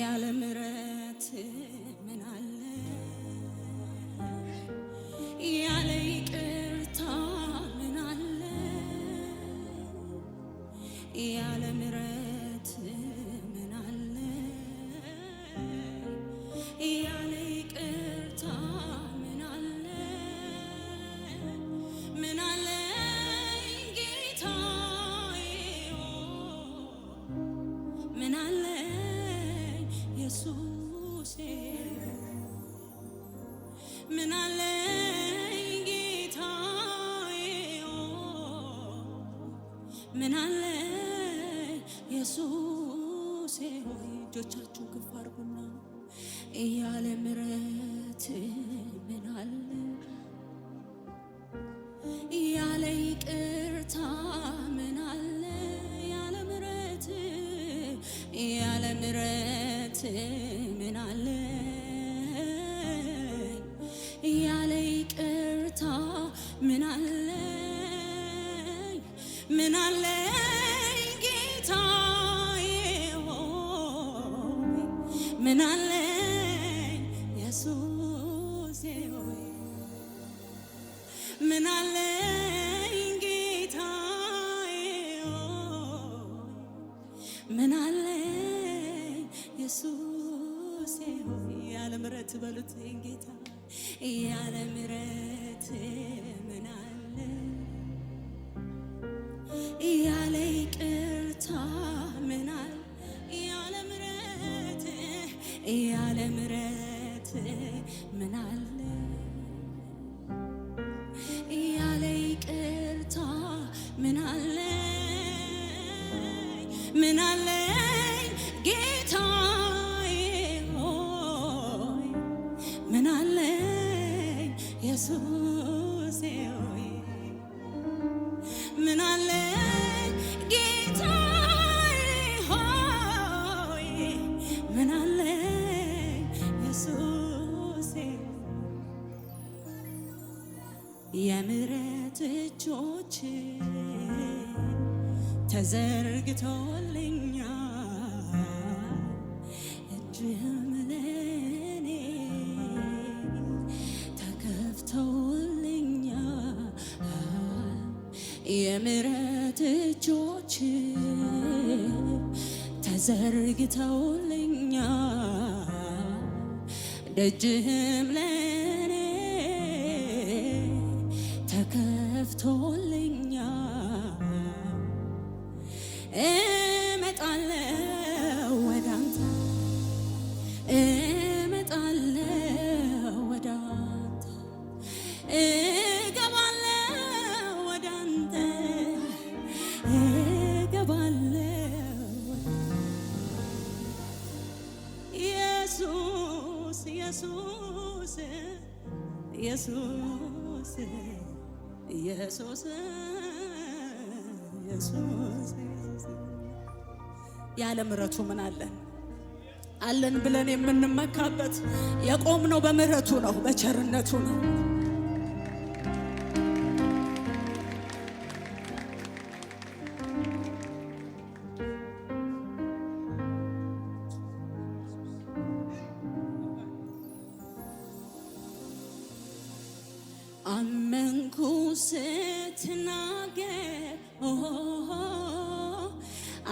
ያለ ምረት ምናል ያለ ምረት ያለ ምረት የምረት እጆች ተዘርግቶልኛል። እጅህም ለኔ ተከፍቶልኛል። የምሕረት እጆች ተዘርግተውልኛል። ደጅህም ከፍቶልኛል። እመጣለሁ ወደ አንተ እመጣለሁ ወደ አንተ እገባለሁ ወደ አንተ እገባለሁ ኢየሱስ ኢየሱስ ኢየሱስ ኢየሱስ ኢየሱስ ያለ ምረቱ ምን አለን አለን ብለን የምንመካበት ነው በምረቱ ነው፣ በቸርነቱ ነው።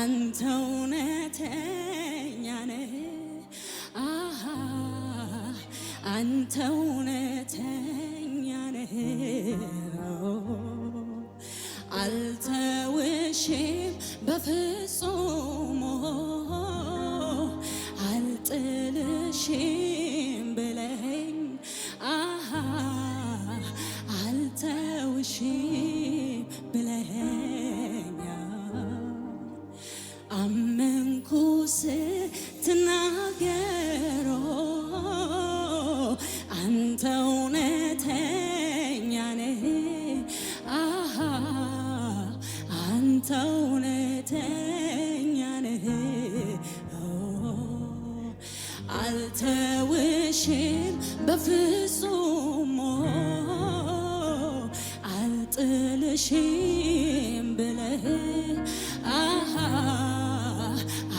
አንተ እውነተኛ ነህ፣ አንተ እውነተኛ ነህ። አልተውሽም በፍጹም አልጥልሽም ብለህ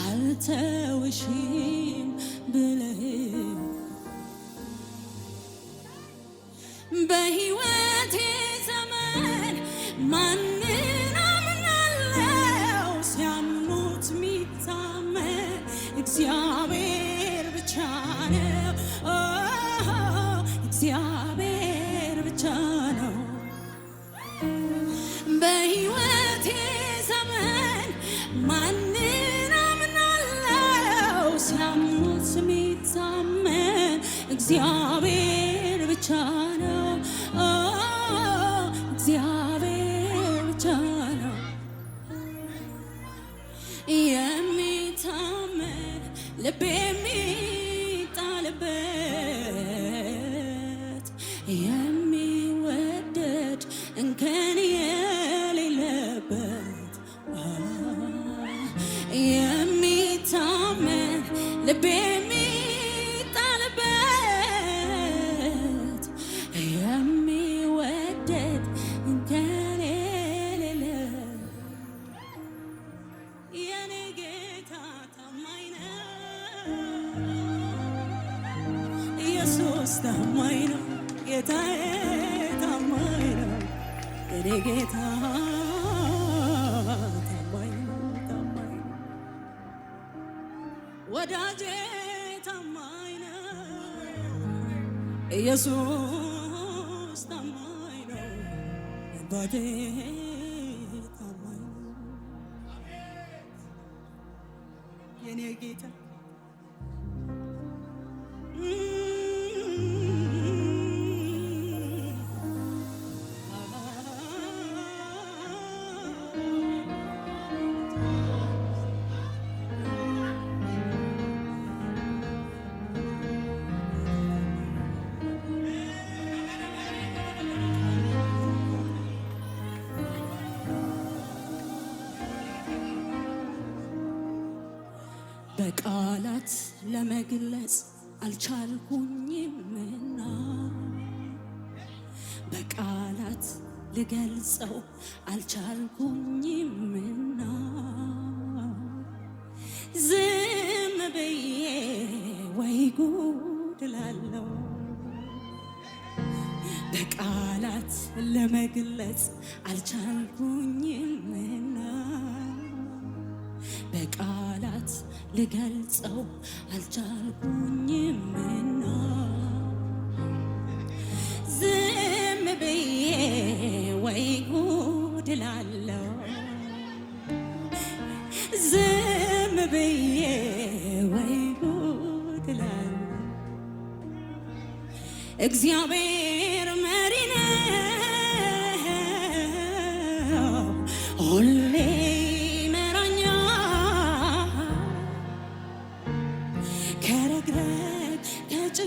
አልተውሽም ማሳመን እግዚአብሔር ብቻ ታማኝ ነው ጌታዬ፣ ታማኝ ነው የኔ ጌታ ታማኝ ነው ታማኝ ነው ወዳጄ ታማኝ ነው ኢየሱስ ታማኝ ነው አባቴ በቃላት ለመግለጽ አልቻልኩኝምና በቃላት ልገልጸው አልቻልኩኝምና ዝም ብዬ ወይ ጉድ ላለው በቃላት ለመግለጽ አልቻልኩኝምና ልገልጸው አልቻልኩኝምና ዝም ብዬ ወይ ጉድ ላለው ዝም ብዬ ወይ ጉድ ላለው እግዚአብሔር መሪ ነው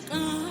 time. Mm-hmm.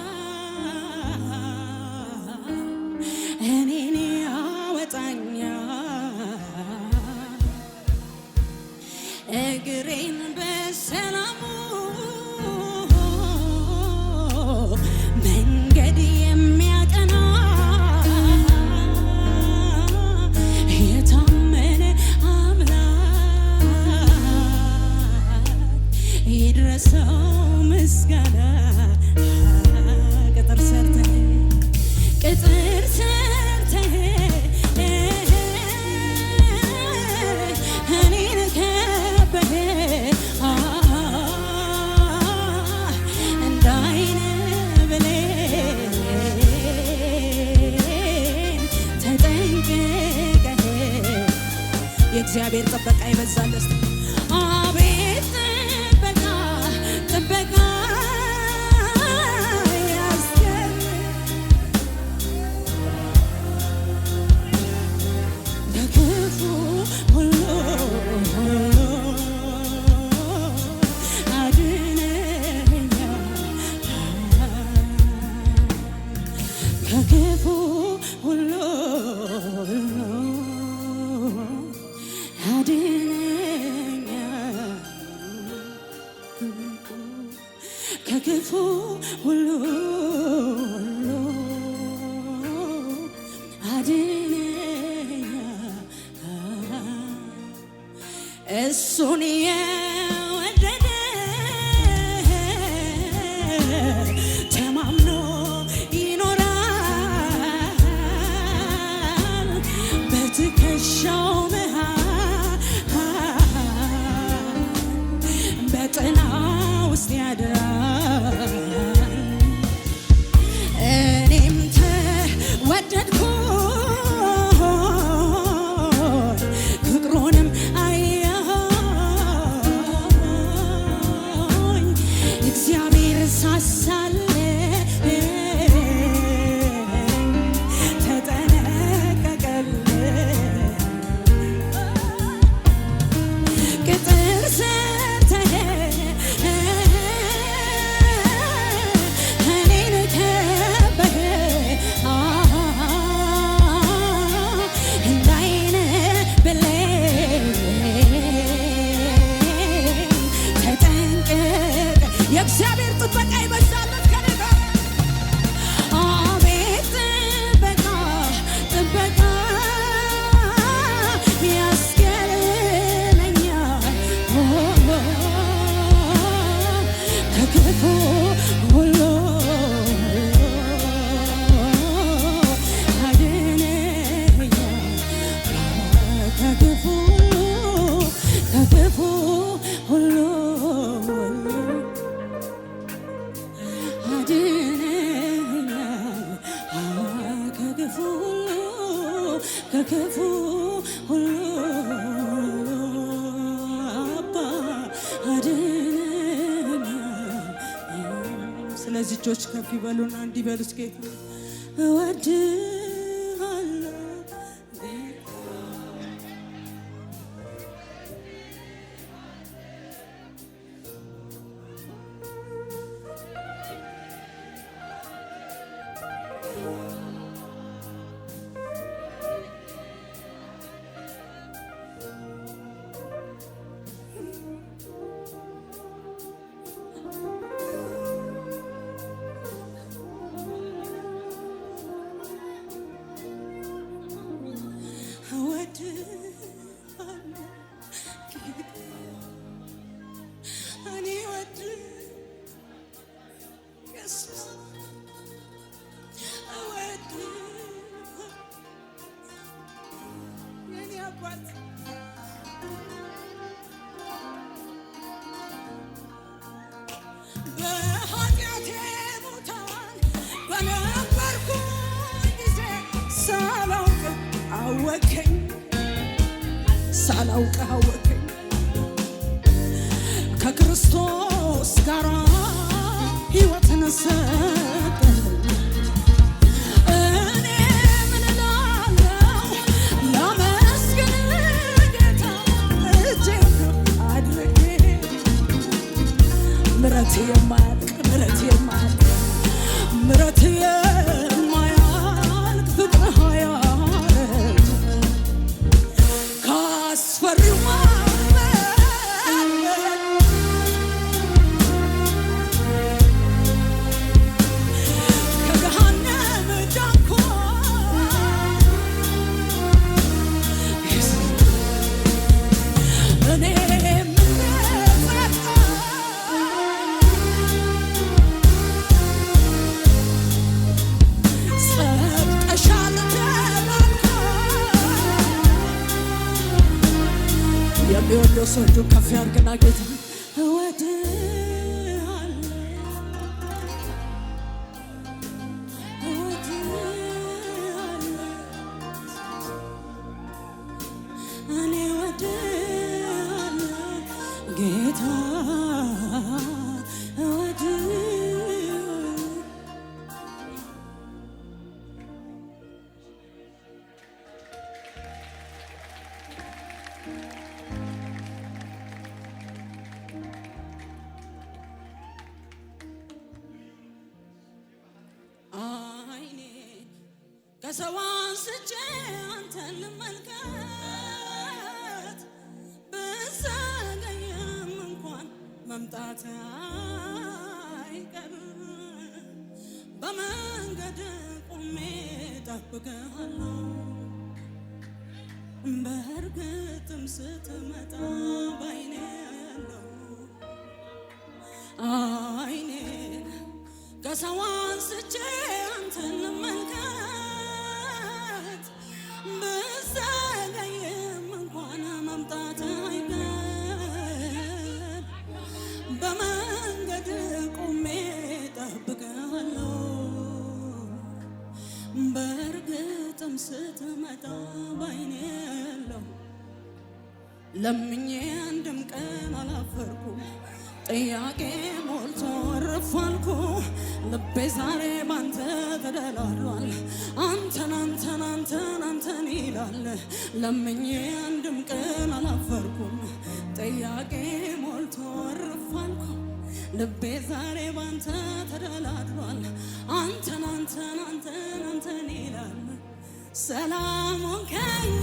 ከፍ ይበሉና እንዲበሉ እስጌታ እወድሃለሁ carro, carro, 내게 다 ስትመጣ ባይኔ ያለው አይኔ ከሰው አንስቼ ለምኜ አንድም ቀን አላፈርኩ። ጥያቄ ሞልቶ እረፋልኩ። ልቤ ዛሬ ባንተ ተደላሏል። አንተን አንተን አንተን አንተን ይላል። ለምኜ አንድም ቀን አላፈርኩም። ጥያቄ ሞልቶ እረፋልኩ። ልቤ ዛሬ ባንተ ተደላድሏል። አንተን አንተን አንተን አንተን ይላል። ሰላም ሆንከኝ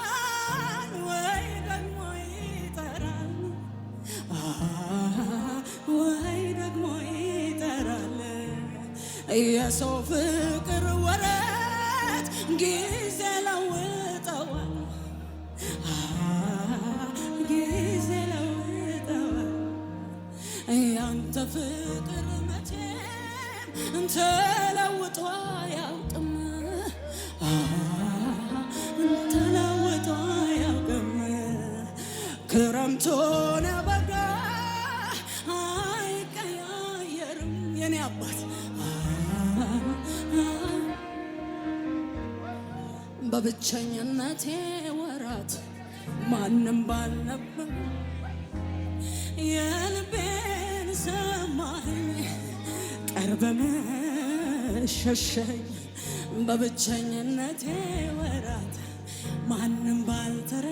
የሰው ፍቅር ወረት ጊዜ ለው በብቸኝነቴ ወራት ማንም ባልነበር የልቤን ሰማኝ ቀርበ መሸሸኝ በብቸኝነቴ ወራት ማንም ባልተረ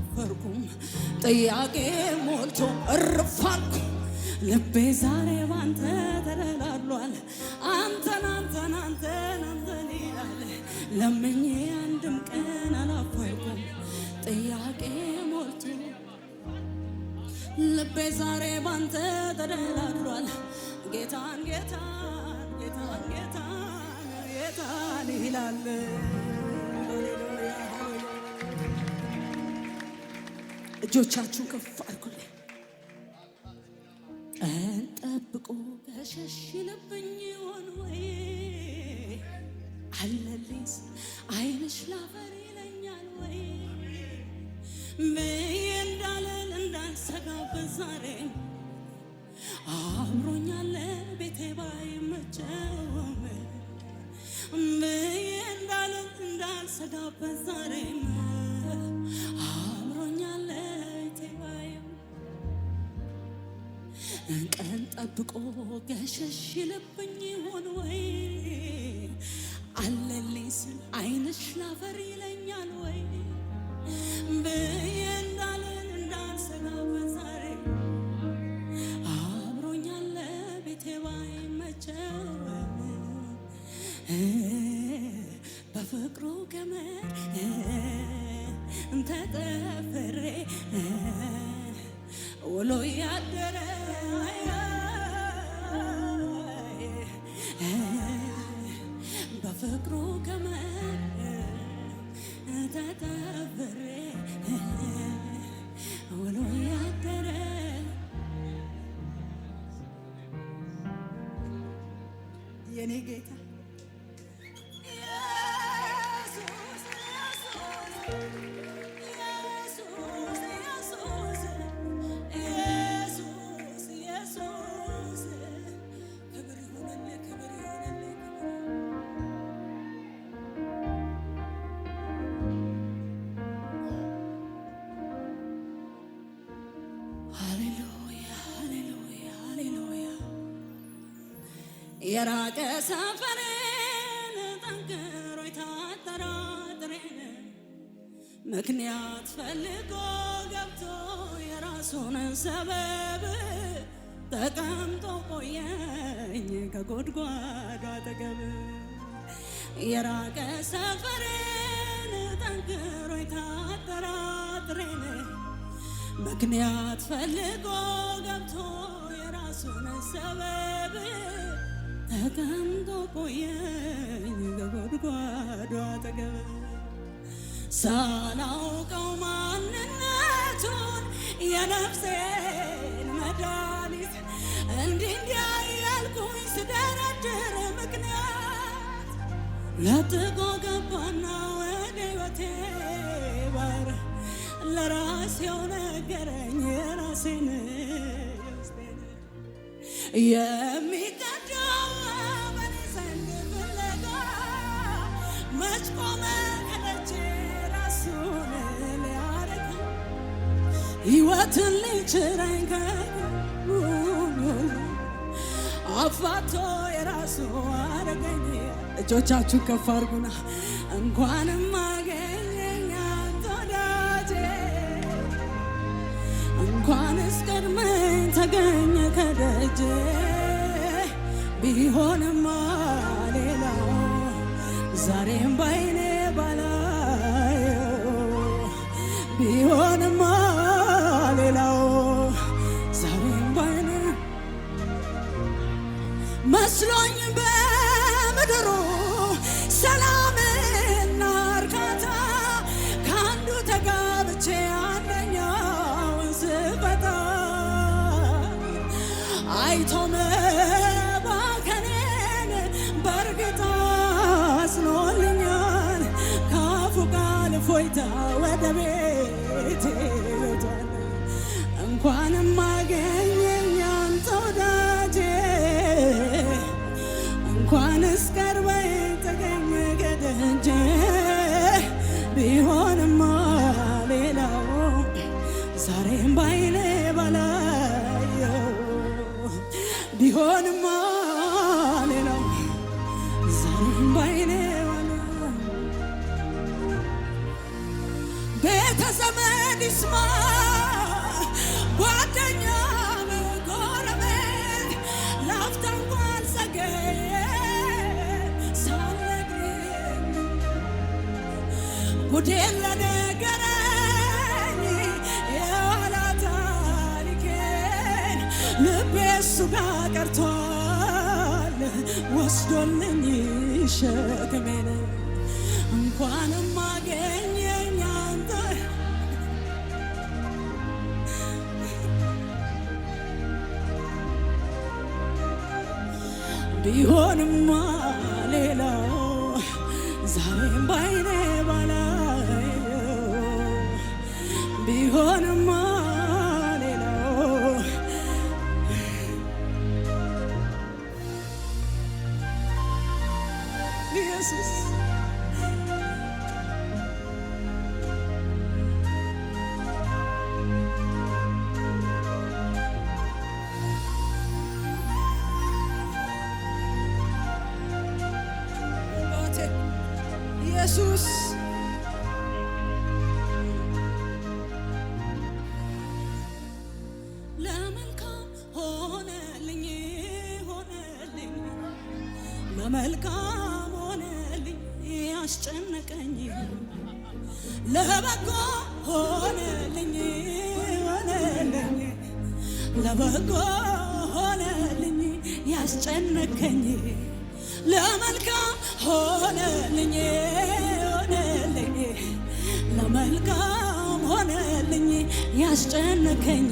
አላፈርኩም። ጥያቄ ሞልቶ እርፋልኩ ልቤ ዛሬ ባንተ ተደላሏል። አንተን አንተን አንተን አንተን ይላል ለምኜ አንድም ቀን አላፈርኩም። ጥያቄ ሞልቶ ልቤ ዛሬ ባንተ ተደላሏል። ጌታን ጌታን ጌታን ጌታን ጌታን ይላል እጆቻችሁ ከፍ አድርጉልኝ። ቀን ጠብቆ ከሸሽልብኝ ይሆን ወይ አለልኝ አይንሽ ላፈር ይለኛል ወይ ብዬ እንዳለን እንዳልሰጋበት ዛሬ አብሮኛለ ቤቴ ባይመቸውም ብዬ እንዳለን እንዳልሰጋበት ዛሬ ቀን ጠብቆ ቢያሸሽልብኝ ይሆን ወይ አለልኝ ስል አይንሽ ላፈር ይለኛል ወይ ብዬ እንዳለን እንዳንሰናበት ዛሬ አብሮኛለ ቤቴ ባይመቸው በፍቅሩ ገመድ ተጠፍሬ ውሎ ያደረ በፍቅሩ ገመድ ተጠብሬ ውሎ ያደረ የኔ ጌታ የራቀ ሰፈሬን ጠንክሮ የታጠረ ምክንያት ፈልጎ ገብቶ የራሱን ሰበብ ተቀምጦ ቆየኝ ከጎድጓዱ አጠገብ የራቀ ሰፈሬን ጠንክሮ የታጠረ ምክንያት ፈልጎ ገብቶ የራሱን ሰበብ ተቀምጦ ቆየኝ በጎድጓዶ አጠገብ ሳላውቀው ማንነቱን የነፍሴን መድኃኒት እንዲህ እንዲያ ያልኩኝ ስደረድር ምክንያት ለጥቆ ገባና ወደ ሕይወቴ ባህር ለራሴው ነገረኝ የራሴን የሚቀ ሕይወትን ሊችረኝ አፋቶ የራሱ አረገኝ። እጆቻችሁ ከፍ አድርጉና እንኳንም አገኘኝ ወዳጄ እንኳንስ ቀድመኝ ተገኘ ከደጄ ቢሆንማ ሌላው ዛሬም ባይኔ ባላየው bien. ቢሆንማ ሌላው ዛሬም ባይነ ለመልካም ሆነልኝ ያስጨነቀኝ ለበጎ ሆነልኝ ሆነልኝ ለበጎ ሆነልኝ ያስጨነቀኝ ለመልካም ሆነልኝ ሆነልኝ ለመልካም ሆነልኝ ያስጨነቀኝ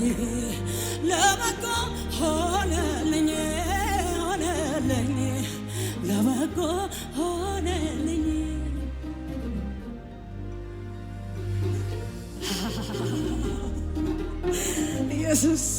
ሆነልኝ ኢየሱስ